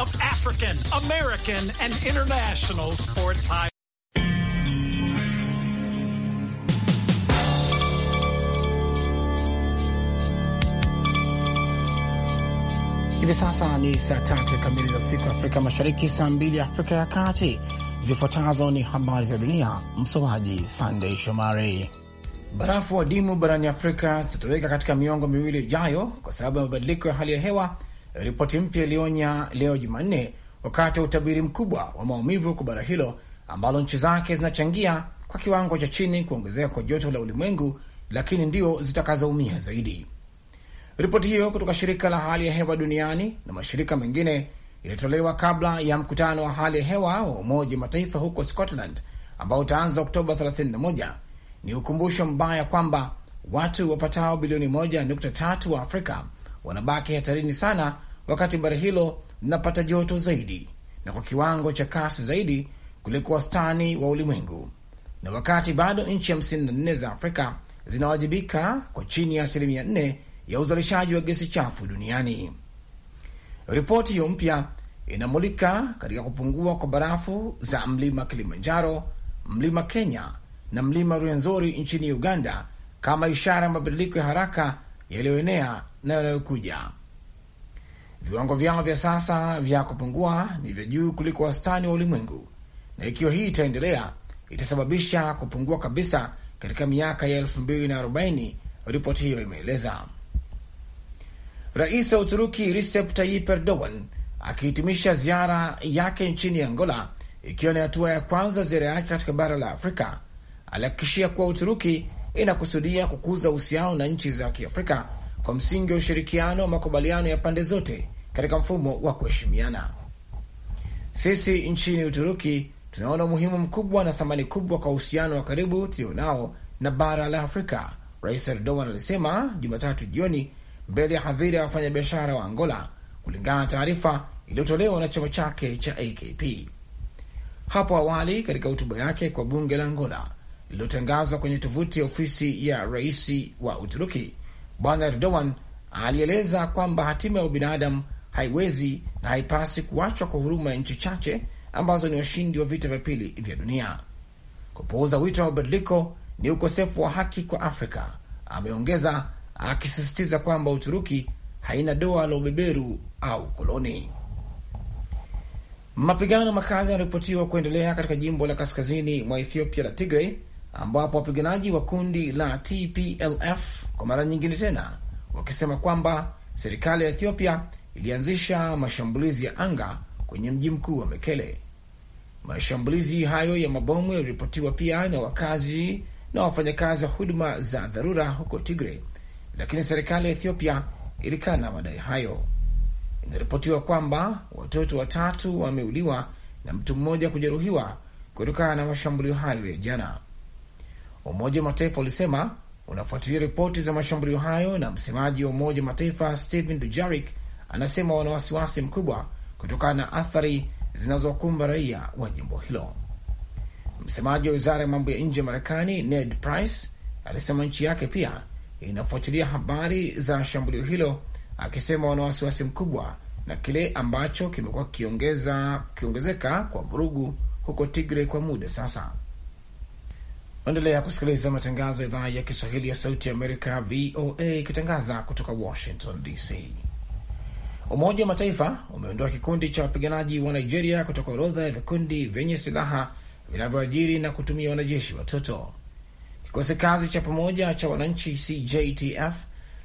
of African, American, and international sports high. Hivi sasa ni saa tatu kamili za usiku Afrika Mashariki, saa mbili Afrika ya Kati. Zifuatazo ni habari za dunia, msomaji Sandei Shomari. Barafu wa dimu barani Afrika zitatoweka katika miongo miwili ijayo kwa sababu ya mabadiliko ya hali ya hewa Ripoti mpya ilionya leo Jumanne wakati wa utabiri mkubwa wa maumivu kwa bara hilo ambalo nchi zake zinachangia kwa kiwango cha chini kuongezeka kwa joto la ulimwengu, lakini ndio zitakazoumia zaidi. Ripoti hiyo kutoka shirika la hali ya hewa duniani na mashirika mengine ilitolewa kabla ya mkutano wa hali ya hewa wa Umoja wa Mataifa huko Scotland ambao utaanza Oktoba 31. Ni ukumbusho mbaya kwamba watu wapatao bilioni 1.3 wa Afrika wanabaki hatarini sana wakati bara hilo linapata joto zaidi na kwa kiwango cha kasi zaidi kuliko wastani wa ulimwengu, na wakati bado nchi hm4 za Afrika zinawajibika kwa chini ya asilimia 4 ya uzalishaji wa gesi chafu duniani. Ripoti hiyo mpya inamulika katika kupungua kwa barafu za mlima Kilimanjaro, mlima Kenya na mlima Rwenzori nchini Uganda kama ishara ya mabadiliko ya haraka yaliyoenea na yanayokuja viwango vyao vya sasa vya kupungua ni vya juu kuliko wastani wa ulimwengu, na ikiwa hii itaendelea itasababisha kupungua kabisa katika miaka ya arobaini ripoti hiyo imeeleza. Rais wa Uturuki Recep Tayyip Erdogan akihitimisha ziara yake nchini Angola, ikiwa ni hatua ya kwanza ziara yake katika bara la Afrika, alihakikishia kuwa Uturuki inakusudia kukuza uhusiano na nchi za Kiafrika kwa msingi wa ushirikiano wa makubaliano ya pande zote katika mfumo wa kuheshimiana. Sisi nchini Uturuki tunaona umuhimu mkubwa na thamani kubwa kwa uhusiano wa karibu tulionao na bara la Afrika, Rais Erdogan alisema Jumatatu jioni mbele ya hadhira ya wafanyabiashara wa Angola, kulingana na taarifa iliyotolewa na chama chake cha AKP. Hapo awali katika hotuba yake kwa bunge la Angola iliyotangazwa kwenye tovuti ya ofisi ya rais wa Uturuki, Bwana Erdogan alieleza kwamba hatima ya ubinadamu haiwezi na haipasi kuachwa kwa huruma ya nchi chache ambazo ni washindi wa vita vya pili vya dunia. Kupuuza wito wa mabadiliko ni ukosefu wa haki kwa Afrika, ameongeza akisisitiza kwamba Uturuki haina doa la ubeberu au koloni. Mapigano makali yanaripotiwa kuendelea katika jimbo la kaskazini mwa Ethiopia la Tigray ambapo wapiganaji wa kundi la TPLF kwa mara nyingine tena wakisema kwamba serikali ya Ethiopia ilianzisha mashambulizi ya anga kwenye mji mkuu wa Mekele. Mashambulizi hayo ya mabomu yaliripotiwa pia na wakazi na wafanyakazi wa huduma za dharura huko Tigre, lakini serikali ya Ethiopia ilikana madai hayo. Inaripotiwa kwamba watoto watatu wameuliwa na mtu mmoja kujeruhiwa kutokana na mashambulio hayo ya jana. Umoja wa Mataifa ulisema unafuatilia ripoti za mashambulio hayo, na msemaji wa Umoja wa Mataifa Stephen Dujarik anasema wana wasiwasi mkubwa kutokana na athari zinazowakumba raia wa jimbo hilo. Msemaji wa wizara ya mambo ya nje ya Marekani Ned Price alisema nchi yake pia inafuatilia habari za shambulio hilo, akisema wana wasiwasi mkubwa na kile ambacho kimekuwa kiongezeka kwa vurugu huko Tigre kwa muda sasa. Endelea kusikiliza matangazo ya idhaa ya Kiswahili ya Sauti ya Amerika, VOA, ikitangaza kutoka Washington DC. Umoja wa Mataifa umeondoa kikundi cha wapiganaji wa Nigeria kutoka orodha ya vikundi vyenye silaha vinavyoajiri na kutumia wanajeshi watoto. Kikosi kazi cha pamoja cha wananchi CJTF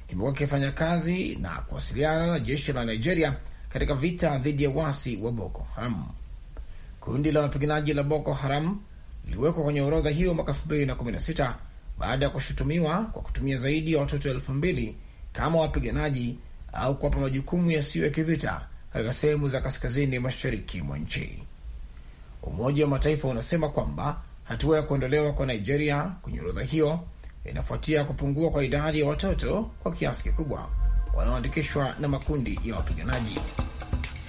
kimekuwa kikifanya kazi na kuwasiliana na jeshi la Nigeria katika vita dhidi ya wasi wa Boko Haram. Kundi la wapiganaji la Boko Haram iliwekwa kwenye orodha hiyo mwaka 2016 baada ya kushutumiwa kwa kutumia zaidi ya watoto elfu mbili kama wapiganaji au kuwapa majukumu yasiyo ya kivita katika sehemu za kaskazini mashariki mwa nchi. Umoja wa Mataifa unasema kwamba hatua ya kuondolewa kwa Nigeria kwenye orodha hiyo inafuatia kupungua kwa idadi ya watoto kwa kiasi kikubwa wanaoandikishwa na makundi ya wapiganaji.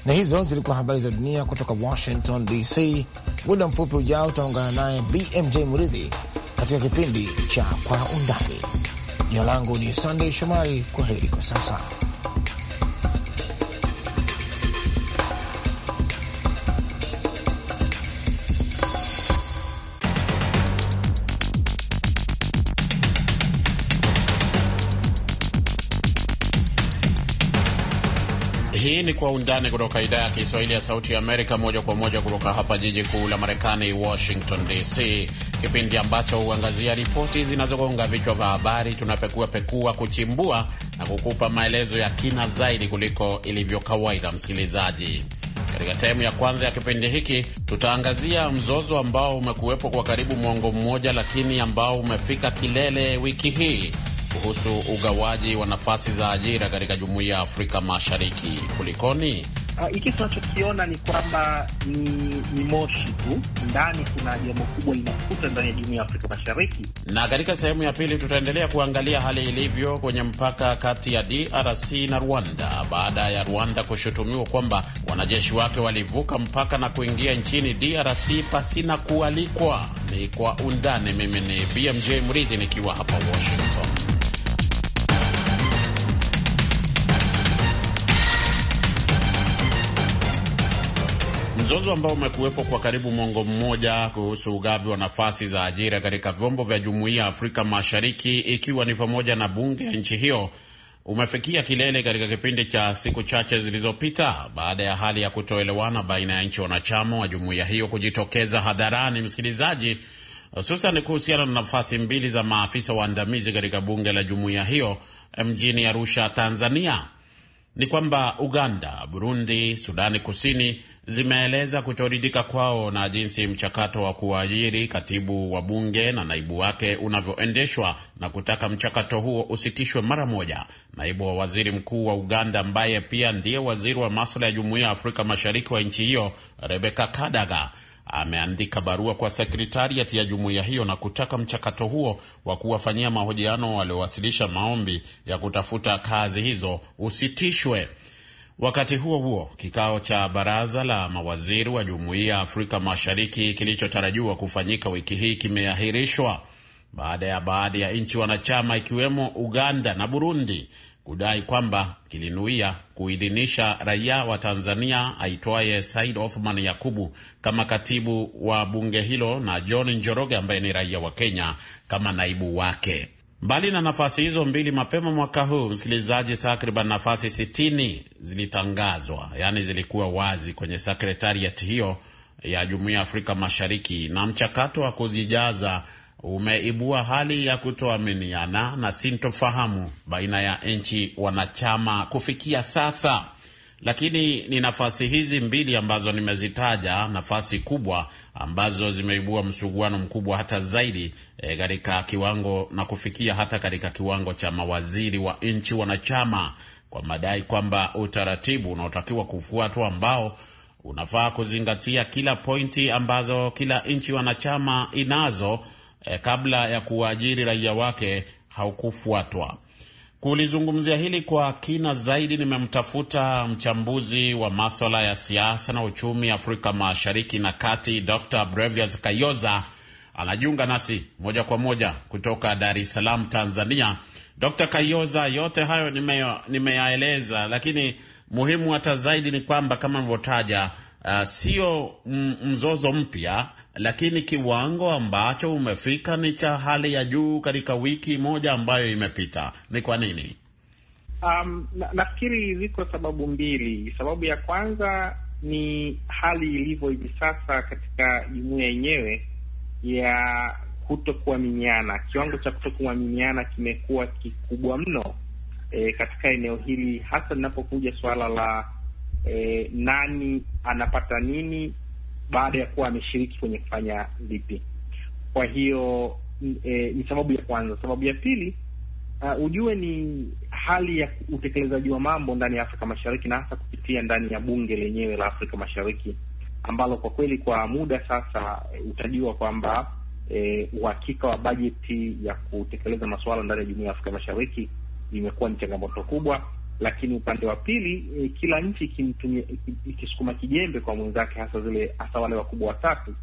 Na hizo zilikuwa habari za dunia kutoka Washington DC. Muda mfupi ujao utaungana naye BMJ Muridhi katika kipindi cha Kwa Undani. Jina langu ni Sandey Shomari. Kwa heri kwa sasa. Hii ni Kwa Undani kutoka idhaa ya Kiswahili ya Sauti ya Amerika, moja kwa moja kutoka hapa jiji kuu la Marekani, Washington DC, kipindi ambacho huangazia ripoti zinazogonga vichwa vya habari. Tunapekua pekua, kuchimbua na kukupa maelezo ya kina zaidi kuliko ilivyo kawaida. Msikilizaji, katika sehemu ya kwanza ya kipindi hiki tutaangazia mzozo ambao umekuwepo kwa karibu mwongo mmoja, lakini ambao umefika kilele wiki hii kuhusu ugawaji wa nafasi za ajira katika jumuiya ya Afrika Mashariki. Kulikoni? Ah, iki tunachokiona ni kwamba ni, ni moshi tu ndani, kuna jambo kubwa linafuta ndani ya jumuiya ya Afrika Mashariki. Na katika sehemu ya pili tutaendelea kuangalia hali ilivyo kwenye mpaka kati ya DRC na Rwanda baada ya Rwanda kushutumiwa kwamba wanajeshi wake walivuka mpaka na kuingia nchini DRC pasina kualikwa. Ni kwa undani. Mimi ni BMJ Mridhi nikiwa hapa Washington. Mzozo ambao umekuwepo kwa karibu mwongo mmoja kuhusu ugavi wa nafasi za ajira katika vyombo vya Jumuiya ya Afrika Mashariki ikiwa ni pamoja na bunge ya nchi hiyo umefikia kilele katika kipindi cha siku chache zilizopita baada ya hali ya kutoelewana baina ya nchi wanachama wa jumuiya hiyo kujitokeza hadharani, msikilizaji, hususan kuhusiana na nafasi mbili za maafisa waandamizi katika bunge la jumuiya hiyo mjini Arusha, Tanzania. Ni kwamba Uganda, Burundi, Sudani Kusini zimeeleza kutoridhika kwao na jinsi mchakato wa kuwaajiri katibu wa bunge na naibu wake unavyoendeshwa na kutaka mchakato huo usitishwe mara moja. Naibu wa waziri mkuu wa Uganda ambaye pia ndiye waziri wa maswala ya jumuiya ya Afrika Mashariki wa nchi hiyo, rebeka Kadaga ameandika barua kwa sekretariati ya jumuiya hiyo na kutaka mchakato huo wa kuwafanyia mahojiano waliowasilisha maombi ya kutafuta kazi hizo usitishwe. Wakati huo huo, kikao cha baraza la mawaziri wa jumuiya ya Afrika Mashariki kilichotarajiwa kufanyika wiki hii kimeahirishwa baada ya baadhi ya nchi wanachama ikiwemo Uganda na Burundi kudai kwamba kilinuia kuidhinisha raia wa Tanzania aitwaye Said Othman Yakubu kama katibu wa bunge hilo na John Njoroge ambaye ni raia wa Kenya kama naibu wake. Mbali na nafasi hizo mbili mapema mwaka huu, msikilizaji, takriban nafasi sitini zilitangazwa, yaani zilikuwa wazi kwenye sekretariat hiyo ya Jumuiya ya Afrika Mashariki, na mchakato wa kuzijaza umeibua hali ya kutoaminiana na sintofahamu baina ya nchi wanachama kufikia sasa. Lakini ni nafasi hizi mbili ambazo nimezitaja, nafasi kubwa ambazo zimeibua msuguano mkubwa hata zaidi e, katika kiwango na kufikia hata katika kiwango cha mawaziri wa nchi wanachama kwa madai kwamba utaratibu unaotakiwa kufuatwa ambao unafaa kuzingatia kila pointi ambazo kila nchi wanachama inazo e, kabla ya kuwaajiri raia wake haukufuatwa. Kulizungumzia hili kwa kina zaidi, nimemtafuta mchambuzi wa maswala ya siasa na uchumi Afrika Mashariki na Kati, Dr Brevias Kayoza. Anajiunga nasi moja kwa moja kutoka Dar es Salaam, Tanzania. Dr Kayoza, yote hayo nimeyaeleza, lakini muhimu hata zaidi ni kwamba kama nilivyotaja uh, sio mzozo mpya, lakini kiwango ambacho umefika ni cha hali ya juu katika wiki moja ambayo imepita. Ni kwa nini? Um, na, nafikiri ziko sababu mbili. Sababu ya kwanza ni hali ilivyo hivi sasa katika jumuiya yenyewe ya kutokuaminiana. Kiwango cha kutokuaminiana kimekuwa kikubwa mno e, katika eneo hili, hasa linapokuja suala la e, nani anapata nini baada ya kuwa ameshiriki kwenye kufanya vipi Kwa hiyo e, ni sababu ya kwanza. Sababu ya pili uh, ujue ni hali ya utekelezaji wa mambo ndani ya Afrika Mashariki na hasa kupitia ndani ya bunge lenyewe la Afrika Mashariki ambalo kwa kweli kwa muda sasa eh, utajua kwamba e, uhakika wa bajeti ya kutekeleza masuala ndani ya Jumuiya ya Afrika Mashariki imekuwa ni changamoto kubwa, lakini upande wa pili e, kila nchi ikisukuma kijembe kwa mwenzake, hasa zile hasa wale wakubwa watatu,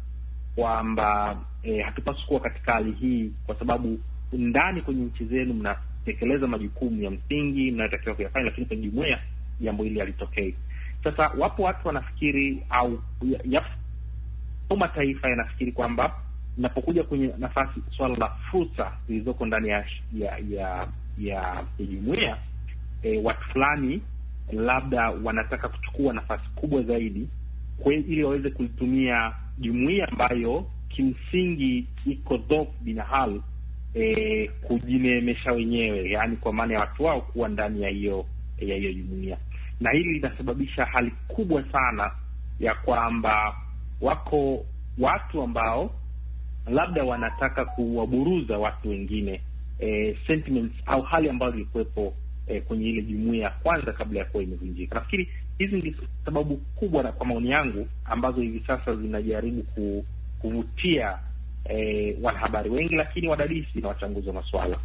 kwamba e, hatupaswi kuwa katika hali hii, kwa sababu ndani kwenye nchi zenu mnatekeleza majukumu ya msingi mnayotakiwa kuyafanya, lakini kwenye jumuia jambo hili halitokei. Sasa wapo watu wanafikiri au ya, mataifa yanafikiri kwamba napokuja kwenye nafasi swala la fursa zilizoko ndani ya ya ya, ya jumuia e, watu fulani labda wanataka kuchukua nafasi kubwa zaidi kwe, ili waweze kulitumia jumuia ambayo kimsingi iko dhaifu binahal e, eh, kujinemesha wenyewe, yaani kwa maana ya watu wao kuwa ndani ya hiyo ya hiyo jumuia, na hili linasababisha hali kubwa sana ya kwamba wako watu ambao labda wanataka kuwaburuza watu wengine e, sentiments au hali ambayo ilikuwepo eh, kwenye ile jumuia ya kwanza kabla ya kuwa imevunjika. Nafikiri hizi ni sababu kubwa, na kwa maoni yangu, ambazo hivi sasa zinajaribu ku, kuvutia eh, wanahabari wengi, lakini wadadisi na wachambuzi wa masuala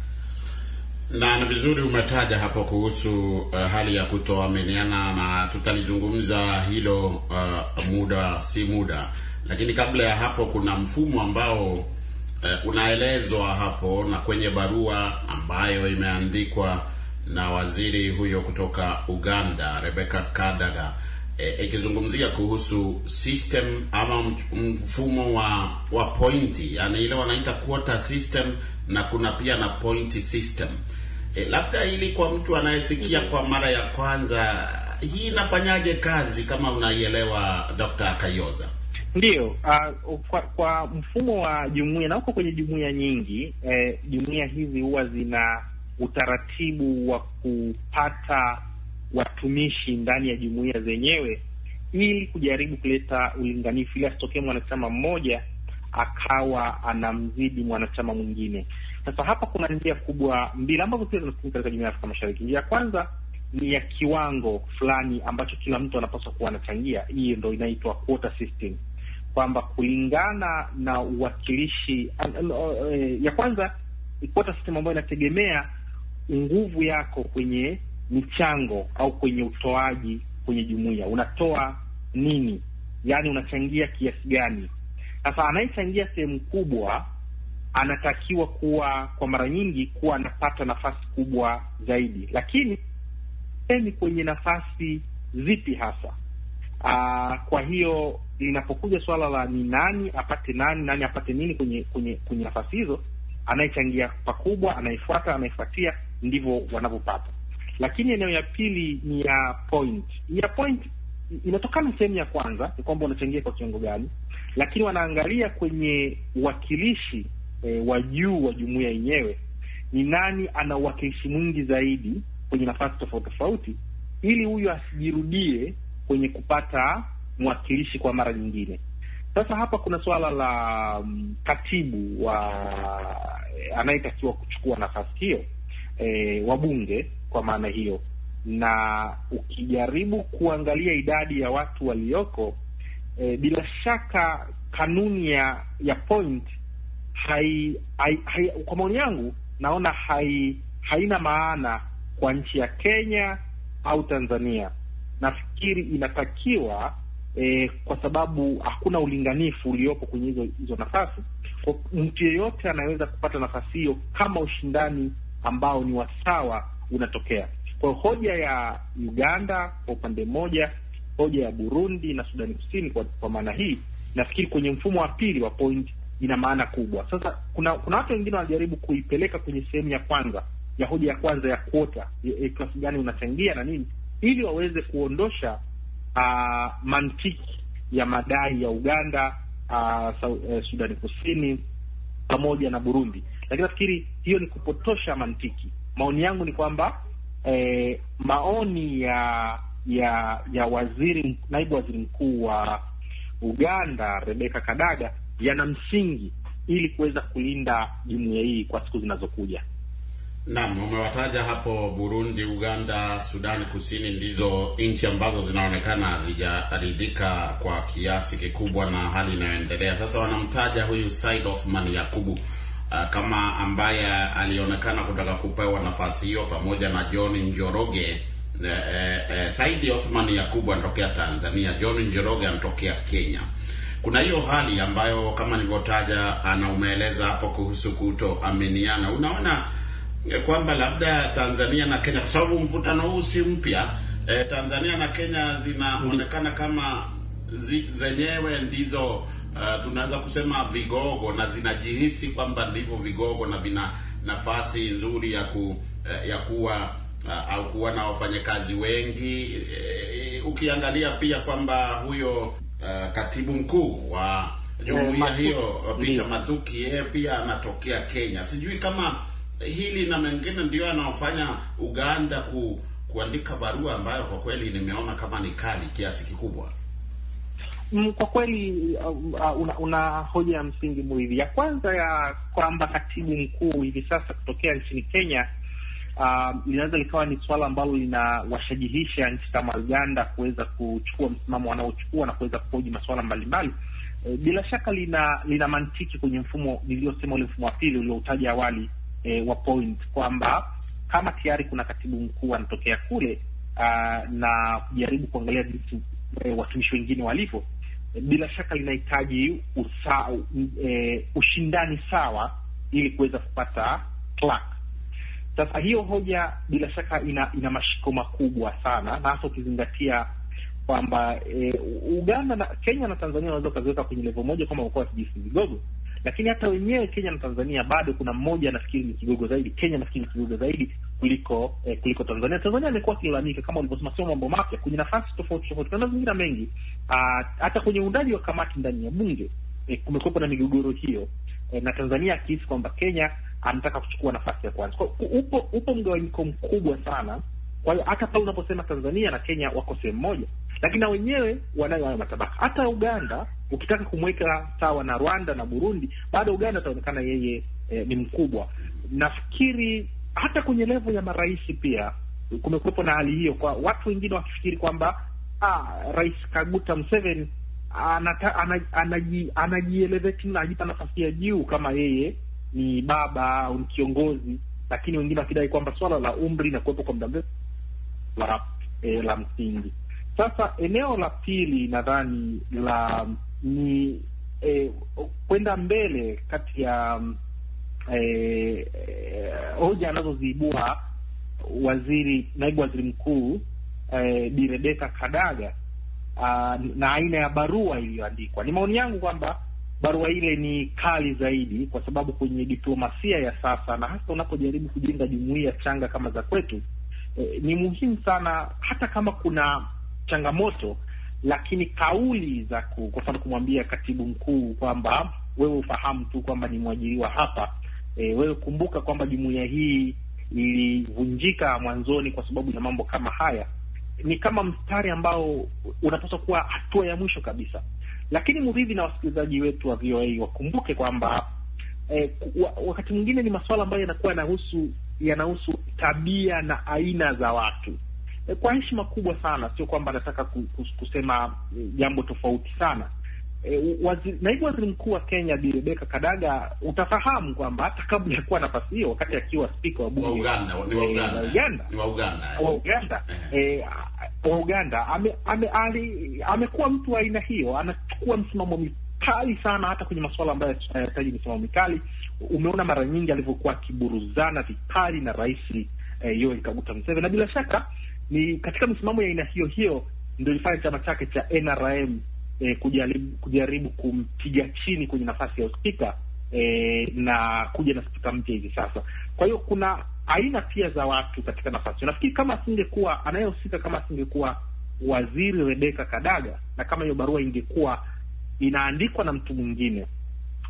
na ni vizuri umetaja hapo kuhusu uh, hali ya kutoaminiana na tutalizungumza hilo uh, muda si muda, lakini kabla ya hapo kuna mfumo ambao uh, unaelezwa hapo na kwenye barua ambayo imeandikwa na waziri huyo kutoka Uganda Rebecca Kadaga e, ikizungumzia e, kuhusu system ama mfumo wa wa pointi, yani ile wanaita quota system na kuna pia na point system. E, labda ili kwa mtu anayesikia kwa mara ya kwanza, hii inafanyaje kazi kama unaielewa Dr. Kayoza? Ndiyo, uh, kwa, kwa mfumo wa jumuiya na huko kwenye jumuiya nyingi eh, jumuiya hizi huwa zina utaratibu wa kupata watumishi ndani ya jumuiya zenyewe ili kujaribu kuleta ulinganifu ili asitokee mwanachama mmoja akawa anamzidi mwanachama mwingine. Sasa hapa kuna njia kubwa mbili ambazo pia zinatumika katika jumuiya ya Afrika Mashariki. Njia ya kwanza ni ya kiwango fulani ambacho kila mtu anapaswa kuwa anachangia. Hii ndo inaitwa quota system, kwamba kulingana na uwakilishi eh, ya kwanza quota system ambayo inategemea nguvu yako kwenye michango au kwenye utoaji kwenye jumuiya. Unatoa nini? Yaani unachangia kiasi gani? Sasa anayechangia sehemu kubwa anatakiwa kuwa kwa mara nyingi kuwa anapata nafasi kubwa zaidi, lakini ni kwenye nafasi zipi hasa? Aa, ah, kwa hiyo linapokuja suala la ni nani apate nani nani apate nini kwenye kwenye kwenye nafasi hizo, anayechangia pakubwa, anayefuata, anayefuatia ndivyo wanavyopata. Lakini eneo ya pili ni ya point. Ya point inatokana sehemu ya kwanza ni kwamba unachangia kwa kiwango gani, lakini wanaangalia kwenye uwakilishi e, wa juu wa jumuiya yenyewe, ni nani ana uwakilishi mwingi zaidi kwenye nafasi tofauti tofauti, ili huyu asijirudie kwenye kupata mwakilishi kwa mara nyingine. Sasa hapa kuna suala la um, katibu wa eh, anayetakiwa kuchukua nafasi hiyo e, eh, wabunge kwa maana hiyo, na ukijaribu kuangalia idadi ya watu walioko e, bila shaka kanuni ya ya point hai, hai, hai, kwa maoni yangu naona hai, haina maana kwa nchi ya Kenya au Tanzania. Nafikiri inatakiwa e, kwa sababu hakuna ulinganifu uliopo kwenye hizo hizo nafasi. Mtu yeyote anaweza kupata nafasi hiyo kama ushindani ambao ni wasawa unatokea. Kwa hiyo hoja ya Uganda kwa upande mmoja, hoja ya Burundi na Sudani Kusini kwa, kwa maana hii nafikiri kwenye mfumo wa pili wa point ina maana kubwa. Sasa kuna kuna watu wengine wanajaribu kuipeleka kwenye sehemu ya kwanza ya hoja ya kwanza ya kuota kiasi gani unachangia na nini, ili waweze kuondosha uh, mantiki ya madai ya Uganda uh, Sudani Kusini pamoja na Burundi lakini nafikiri hiyo ni kupotosha mantiki. Maoni yangu ni kwamba eh, maoni ya ya ya waziri naibu waziri mkuu wa Uganda rebeka Kadaga yana msingi ili kuweza kulinda jumuiya hii kwa siku zinazokuja. Naam, umewataja hapo Burundi, Uganda, Sudani Kusini ndizo nchi ambazo zinaonekana hazijaridhika kwa kiasi kikubwa na hali inayoendelea sasa. Wanamtaja huyu Said Othman Yakubu uh, kama ambaye alionekana kutaka kupewa nafasi hiyo pamoja na John Njoroge. Eh, eh, eh, Saidi Othman Yakubu anatokea Tanzania, John Njoroge anatokea Kenya. Kuna hiyo hali ambayo kama nilivyotaja, ana umeeleza hapo kuhusu kutoaminiana. Unaona eh, kwamba labda Tanzania na Kenya, kwa sababu mvutano huu si mpya eh, Tanzania na Kenya zinaonekana kama zi, zenyewe ndizo Eh, tunaweza kusema vigogo na zinajihisi kwamba ndivyo vigogo na vina nafasi nzuri ya ku, uh, ya kuwa uh, au kuwa na wafanyakazi wengi uh, ukiangalia pia kwamba huyo uh, katibu mkuu wa jumuiya hiyo Peter Mathuki yeye pia anatokea Kenya. Sijui kama hili na mengine ndio anaofanya Uganda ku, kuandika barua ambayo kwa kweli nimeona kama ni kali kiasi kikubwa. Mm, kwa kweli uh, uh, una, una hoja ya msingi mwili Ya kwanza ya kwamba katibu mkuu hivi sasa kutokea nchini Kenya uh, linaweza likawa ni suala ambalo linawashajihisha nchi kama Uganda kuweza kuchukua msimamo wanaochukua na kuweza kuhoji masuala mbalimbali. E, bila shaka lina lina mantiki kwenye mfumo niliyosema ule mfumo wa pili ulioutaja awali e, wa point kwamba kama tayari kuna katibu mkuu anatokea kule uh, na kujaribu kuangalia jinsi eh, watumishi wengine walivyo bila shaka linahitaji e, ushindani sawa ili kuweza kupata clerk. Sasa hiyo hoja bila shaka ina, ina mashiko makubwa sana, na hasa ukizingatia kwamba e, Uganda na Kenya na Tanzania wanaweza ukaziweka kwenye levo moja kama ukoa kijisi vigogo, lakini hata wenyewe Kenya na Tanzania bado kuna mmoja nafikiri ni kigogo zaidi, Kenya nafikiri ni kigogo zaidi kuliko eh, kuliko Tanzania. Tanzania amekuwa ikilalamika kama ulivyosema, sio mambo mapya, kwenye nafasi tofauti tofauti na mazingira mengi, ah, hata kwenye uundaji wa kamati ndani ya bunge eh, kumekuwepo na migogoro hiyo eh, na Tanzania akihisi kwamba Kenya anataka kuchukua nafasi ya kwanza. Kwa, upo upo mgawanyiko mkubwa sana. Kwa hiyo hata pale unaposema Tanzania na Kenya wako sehemu moja, lakini na wenyewe wanayo hayo matabaka. Hata Uganda ukitaka kumweka sawa na Rwanda na Burundi, bado Uganda ataonekana yeye eh, ni mkubwa. Nafikiri hata kwenye levo ya marais pia kumekuwepo na hali hiyo, kwa watu wengine wakifikiri kwamba ah, Rais Kaguta Museveni anata, anaji, anaji, ajipa nafasi ya juu kama yeye ni baba au ni kiongozi, lakini wengine wakidai kwamba swala la umri na kuwepo kwa muda mrefu la, eh, la msingi. Sasa eneo la pili nadhani la ni eh, kwenda mbele kati ya um, Eh, eh, hoja anazoziibua waziri naibu waziri mkuu eh, Bi Rebecca Kadaga uh, na aina ya barua iliyoandikwa. Ni maoni yangu kwamba barua ile ni kali zaidi, kwa sababu kwenye diplomasia ya sasa na hasa unapojaribu kujenga jumuiya changa kama za kwetu eh, ni muhimu sana, hata kama kuna changamoto lakini kauli za ku, kwa mfano kumwambia katibu mkuu kwamba wewe ufahamu tu kwamba ni mwajiriwa hapa E, wewe kumbuka kwamba jumuiya hii ilivunjika mwanzoni kwa sababu ya mambo kama haya. Ni kama mstari ambao unapaswa kuwa hatua ya mwisho kabisa, lakini Muridhi na wasikilizaji wetu wa VOA wakumbuke kwamba e, wakati mwingine ni masuala ambayo yanakuwa yanahusu yanahusu tabia na aina za watu e, kwa heshima kubwa sana, sio kwamba anataka kusema e, jambo tofauti sana E, waziri, naibu waziri mkuu wa Kenya Bi Rebecca Kadaga, utafahamu kwamba hata kabla ya kuwa nafasi hiyo, wakati akiwa spika wa bunge wa eh, Uganda wa Uganda amekuwa mtu wa aina hiyo, anachukua msimamo mikali sana, hata kwenye masuala ambayo yanahitaji msimamo mikali. Umeona mara nyingi alivyokuwa akiburuzana vikali na rais eh, Yoweri Kaguta Museveni, na bila shaka ni katika misimamo ya aina hiyo hiyo ndio ilifanya chama chake cha NRM eh, kujaribu, kujaribu kumpiga chini kwenye nafasi ya uspika eh, na kuja na spika mpya hivi sasa. Kwa hiyo kuna aina pia za watu katika nafasi. Nafikiri kama asingekuwa anayehusika, kama asingekuwa waziri Rebeka Kadaga, na kama hiyo barua ingekuwa inaandikwa na mtu mwingine,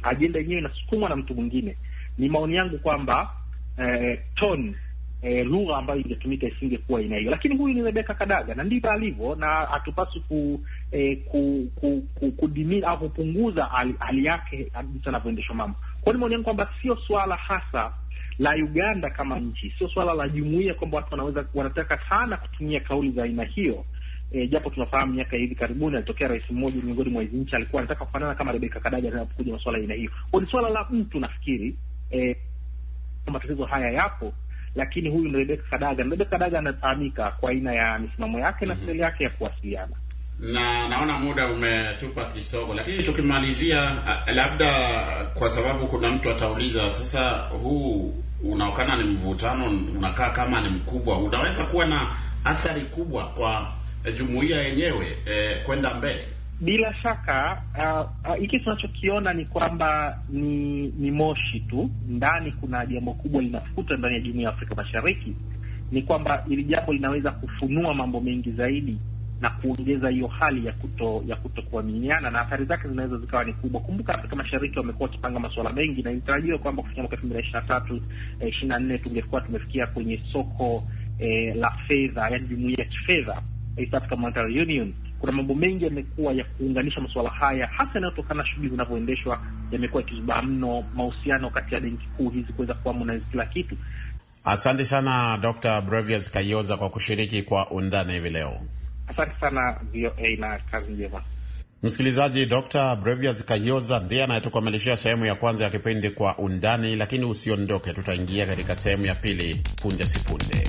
ajenda yenyewe inasukumwa na mtu mwingine, ni maoni yangu kwamba eh, ton e, lugha ambayo ingetumika isingekuwa ina hiyo, lakini huyu ni Rebeka Kadaga na ndivyo alivyo, na hatupaswi ku, e, eh, ku, ku, ku, ku, kudimi au kupunguza hali yake jinsi anavyoendeshwa mambo. Kwa hiyo maoni kwamba sio swala hasa la Uganda kama nchi, sio swala la jumuiya kwamba watu wanaweza wanataka sana kutumia kauli za aina hiyo. E, japo tunafahamu miaka hivi karibuni alitokea rais mmoja miongoni mwa hizi nchi alikuwa anataka kufanana kama Rebeka Kadaga anapokuja masuala aina hiyo. Kwa Ni swala la mtu nafikiri, e, matatizo haya yapo lakini huyu ni Rebeka Kadaga. Rebeka Kadaga anafahamika kwa aina ya misimamo yake na mhm. staili yake ya kuwasiliana na naona muda umetupa kisogo, lakini tukimalizia, labda kwa sababu kuna mtu atauliza sasa, huu unaokana ni mvutano unakaa kama ni mkubwa, unaweza kuwa na athari kubwa kwa jumuiya yenyewe eh, kwenda mbele. Bila shaka hiki uh, uh, tunachokiona ni kwamba ni ni moshi tu. Ndani kuna jambo kubwa linafuta ndani ya jumuiya ya Afrika Mashariki, ni kwamba hili jambo linaweza kufunua mambo mengi zaidi na kuongeza hiyo hali ya kuto ya kutokuaminiana, na athari zake zinaweza zikawa ni kubwa. Kumbuka Afrika Mashariki wamekuwa wakipanga masuala mengi, na inatarajiwa kwamba kufikia mwaka elfu mbili na ishirini na tatu eh, ishirini na nne tungekuwa tumefikia kwenye soko eh, la fedha, yani jumuiya ya kifedha, East Monetary Union kuna mambo mengi yamekuwa ya kuunganisha masuala haya, hasa yanayotokana na shughuli zinavyoendeshwa, yamekuwa yakizubaa mno, mahusiano kati ya benki kuu hizi kuweza kuamuna kila kitu. Asante sana Dr. Brevius Kayoza kwa kushiriki kwa undani hivi leo. Asante sana VOA na kazi njema. Msikilizaji, Dr. Brevius Kayoza ndiye anayetukamilishia sehemu ya kwanza ya kipindi kwa undani, lakini usiondoke, tutaingia katika sehemu ya pili punde si punde.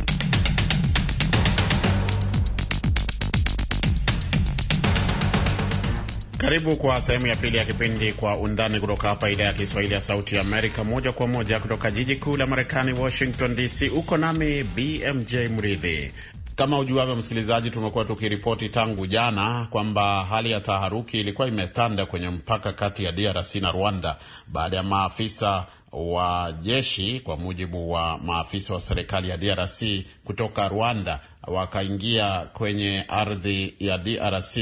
Karibu kwa sehemu ya pili ya kipindi Kwa Undani kutoka hapa idhaa ya Kiswahili ya Sauti ya Amerika, moja kwa moja kutoka jiji kuu la Marekani, Washington DC. Uko nami BMJ Mridhi. Kama ujuavyo, msikilizaji, tumekuwa tukiripoti tangu jana kwamba hali ya taharuki ilikuwa imetanda kwenye mpaka kati ya DRC na Rwanda baada ya maafisa wa jeshi, kwa mujibu wa maafisa wa serikali ya DRC kutoka Rwanda, wakaingia kwenye ardhi ya DRC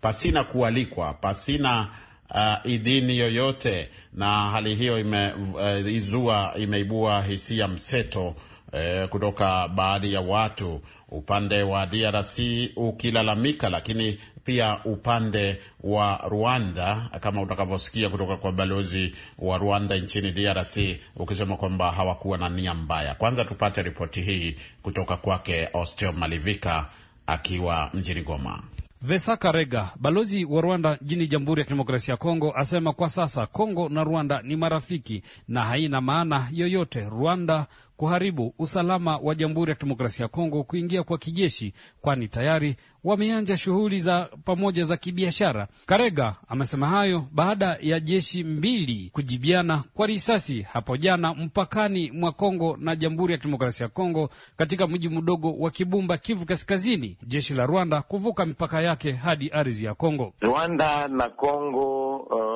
pasina kualikwa, pasina uh, idhini yoyote, na hali hiyo ime, uh, izua imeibua hisia mseto uh, kutoka baadhi ya watu upande wa DRC ukilalamika, lakini pia upande wa Rwanda kama utakavyosikia kutoka kwa balozi wa Rwanda nchini DRC ukisema kwamba hawakuwa na nia mbaya. Kwanza tupate ripoti hii kutoka kwake Osteo Malivika akiwa mjini Goma. Vesa Karega, balozi wa Rwanda nchini Jamhuri ya Kidemokrasia ya Kongo, asema kwa sasa Kongo na Rwanda ni marafiki na haina maana yoyote Rwanda kuharibu usalama wa Jamhuri ya Kidemokrasia ya Kongo kuingia kwa kijeshi, kwani tayari wameanja shughuli za pamoja za kibiashara. Karega amesema hayo baada ya jeshi mbili kujibiana kwa risasi hapo jana mpakani mwa Kongo na Jamhuri ya Kidemokrasia ya Kongo katika mji mdogo wa Kibumba, Kivu Kaskazini, jeshi la Rwanda kuvuka mipaka yake hadi ardhi ya Kongo. Rwanda na Kongo uh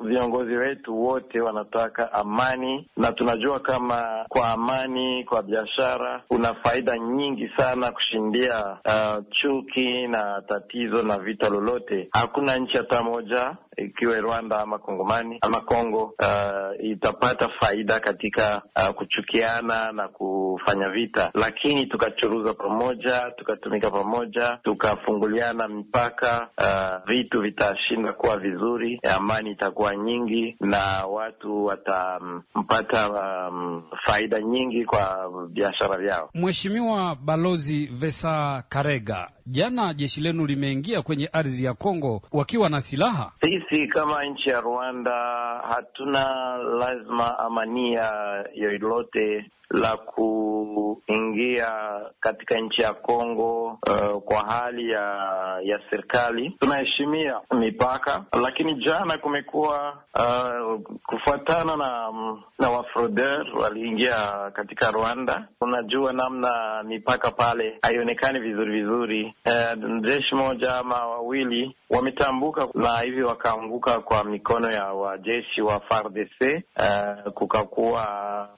viongozi wetu wote wanataka amani, na tunajua kama kwa amani, kwa biashara kuna faida nyingi sana kushindia uh, chuki na tatizo na vita lolote. Hakuna nchi hata moja ikiwe Rwanda ama Kongomani ama Kongo uh, itapata faida katika uh, kuchukiana na kufanya vita, lakini tukachuruza pamoja, tukatumika pamoja, tukafunguliana mipaka, uh, vitu vitashinda kuwa vizuri, amani ita zitakuwa nyingi na watu watampata um, faida nyingi kwa biashara vyao Mheshimiwa Balozi Vesa Karega, Jana jeshi lenu limeingia kwenye ardhi ya Kongo wakiwa na silaha. Sisi kama nchi ya Rwanda hatuna lazima ama nia yoyote la kuingia katika nchi ya Kongo. Uh, kwa hali ya ya serikali tunaheshimia mipaka, lakini jana kumekuwa uh, kufuatana na na wafroder waliingia katika Rwanda. Unajua namna mipaka pale haionekani vizuri vizuri, Eh, jeshi moja ama wawili wametambuka na hivi wakaanguka kwa mikono ya wajeshi wa FARDC. Eh, kukakuwa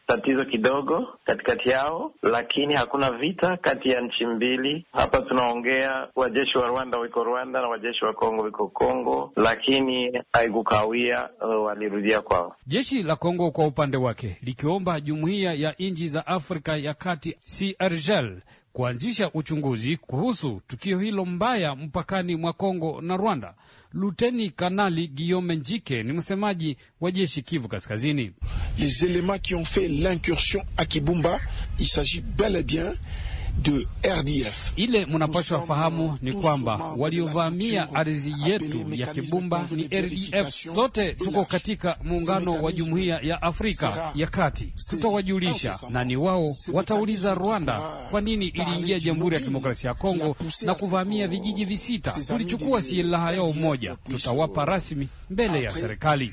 tatizo kidogo katikati yao, lakini hakuna vita kati ya nchi mbili. Hapa tunaongea wajeshi wa Rwanda wiko Rwanda na wajeshi wa Kongo wiko Kongo, lakini haikukawia, uh, walirudia kwao. Jeshi la Kongo kwa upande wake likiomba jumuiya ya nchi za Afrika ya Kati CIRGL kuanzisha uchunguzi kuhusu tukio hilo mbaya mpakani mwa Kongo na Rwanda. Luteni Kanali Guillaume Njike ni msemaji wa jeshi Kivu Kaskazini. Les elements qui ont fait l'incursion a Kibumba il s'agit bel et bien ile munapashwa fahamu ni kwamba waliovamia ardhi yetu ya Kibumba ni RDF. Sote tuko katika muungano wa Jumuiya ya Afrika ya Kati, tutawajulisha na ni wao watauliza Rwanda kwa nini iliingia Jamhuri ya Kidemokrasia ya Kongo na kuvamia vijiji visita. Tulichukua silaha yao moja, tutawapa rasmi mbele ya serikali.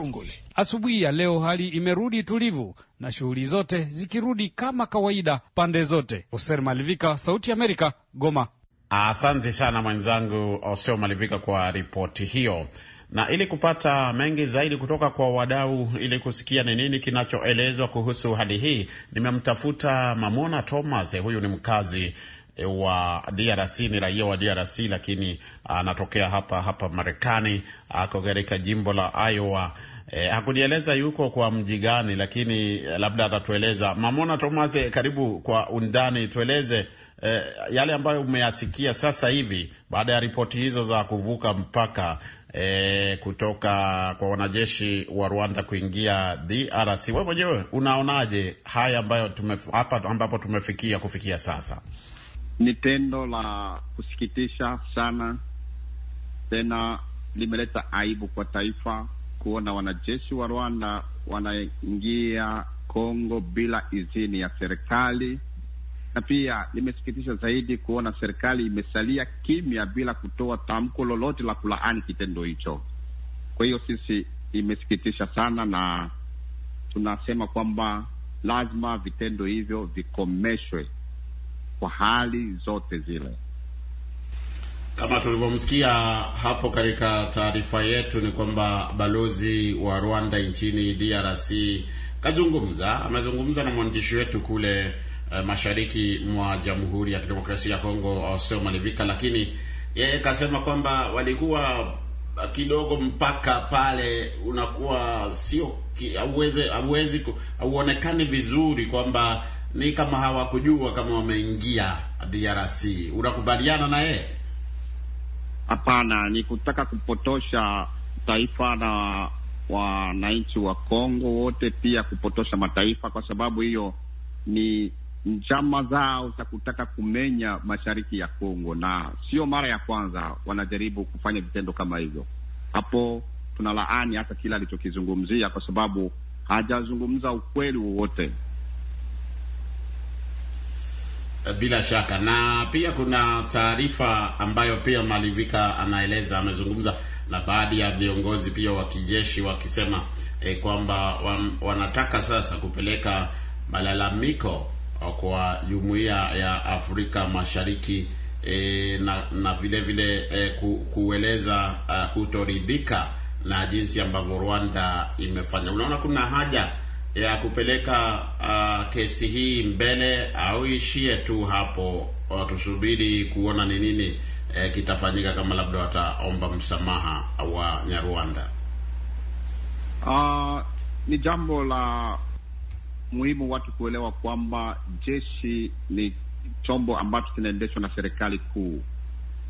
Kongole. Asubuhi ya leo hali imerudi tulivu na shughuli zote zikirudi kama kawaida pande zote. Oser Malivika, Sauti ya Amerika, Goma. Asante sana mwenzangu Oseo Malivika kwa ripoti hiyo. Na ili kupata mengi zaidi kutoka kwa wadau, ili kusikia ni nini kinachoelezwa kuhusu hali hii, nimemtafuta Mamona Thomas. Huyu ni mkazi e, wa DRC, ni raia wa DRC lakini anatokea hapa hapa Marekani, ako katika jimbo la Iowa E, hakunieleza yuko kwa mji gani, lakini e, labda atatueleza. Mamona Thomas, e, karibu kwa undani, tueleze e, yale ambayo umeyasikia sasa hivi baada ya ripoti hizo za kuvuka mpaka e, kutoka kwa wanajeshi wa Rwanda kuingia DRC. Wewe mwenyewe unaonaje haya ambayo tume, hapa ambapo tumefikia kufikia sasa? Ni tendo la kusikitisha sana, tena limeleta aibu kwa taifa kuona wanajeshi wa Rwanda wanaingia Kongo bila idhini ya serikali, na pia limesikitisha zaidi kuona serikali imesalia kimya bila kutoa tamko lolote la kulaani kitendo hicho. Kwa hiyo sisi, imesikitisha sana, na tunasema kwamba lazima vitendo hivyo vikomeshwe kwa hali zote zile. Kama tulivyomsikia hapo katika taarifa yetu, ni kwamba balozi wa Rwanda nchini DRC kazungumza, amezungumza na mwandishi wetu kule e, mashariki mwa Jamhuri ya Kidemokrasia ya Kongo Auseo Malivika, lakini yeye kasema kwamba walikuwa kidogo mpaka pale unakuwa sio hauwezi hauonekani vizuri kwamba ni kama hawakujua kama wameingia DRC. Unakubaliana na yeye? Hapana, ni kutaka kupotosha taifa na wananchi wa Kongo wote, pia kupotosha mataifa, kwa sababu hiyo ni njama zao za kutaka kumenya mashariki ya Kongo, na sio mara ya kwanza wanajaribu kufanya vitendo kama hivyo. Hapo tunalaani hata kila alichokizungumzia, kwa sababu hajazungumza ukweli wowote. Eh, bila shaka na pia kuna taarifa ambayo pia Malivika anaeleza, amezungumza na baadhi ya viongozi pia wa kijeshi wakisema eh, kwamba wan, wanataka sasa kupeleka malalamiko eh, kwa jumuiya ya Afrika Mashariki eh, na, na vile vile eh, ku, kueleza uh, kutoridhika na jinsi ambavyo Rwanda imefanya. Unaona kuna haja ya kupeleka uh, kesi hii mbele au ishie tu hapo? Tusubiri kuona ni nini eh, kitafanyika kama labda wataomba msamaha wa Nyarwanda. Uh, ni jambo la muhimu watu kuelewa kwamba jeshi ni chombo ambacho kinaendeshwa na serikali kuu.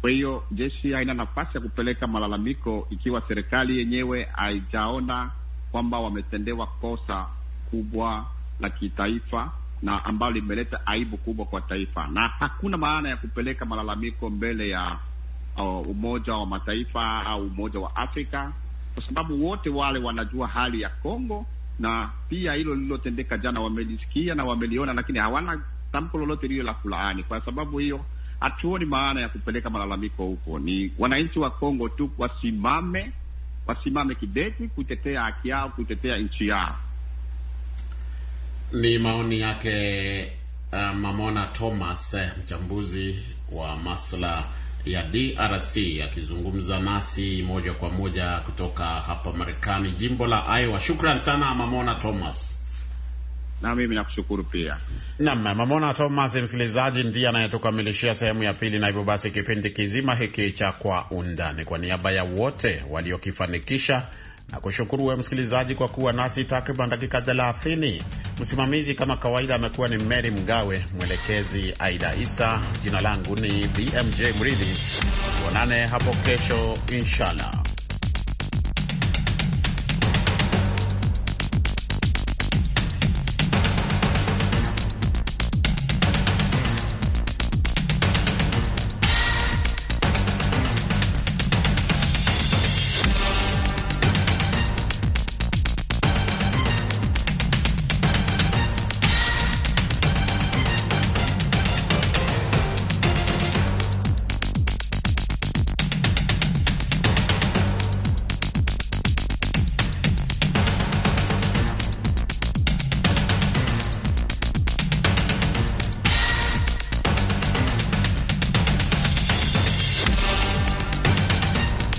Kwa hiyo jeshi haina nafasi ya kupeleka malalamiko ikiwa serikali yenyewe haijaona kwamba wametendewa kosa kubwa la kitaifa na ambalo limeleta aibu kubwa kwa taifa, na hakuna maana ya kupeleka malalamiko mbele ya uh, Umoja wa Mataifa au Umoja wa Afrika kwa sababu wote wale wanajua hali ya Kongo, na pia hilo lililotendeka jana wamelisikia na wameliona, lakini hawana tamko lolote lilo la kulaani. Kwa sababu hiyo, hatuoni maana ya kupeleka malalamiko huko. Ni wananchi wa Kongo tu wasimame, wasimame kidete kutetea haki yao, kutetea nchi yao. Ni maoni yake uh, Mamona Thomas, eh, mchambuzi wa masuala ya DRC akizungumza nasi moja kwa moja kutoka hapa Marekani, jimbo la Iowa. Shukran sana Mamona Thomas. Na mimi nakushukuru pia. Naam, Mamona Thomas, msikilizaji, ndiye anayetukamilishia sehemu ya pili, na hivyo basi kipindi kizima hiki cha Kwa Undani, kwa niaba ya wote waliokifanikisha na kushukuru wewe msikilizaji kwa kuwa nasi takriban dakika 30 Msimamizi kama kawaida amekuwa ni Mary Mgawe, mwelekezi Aida Isa. Jina langu ni BMJ Mridhi. Tuonane hapo kesho inshallah.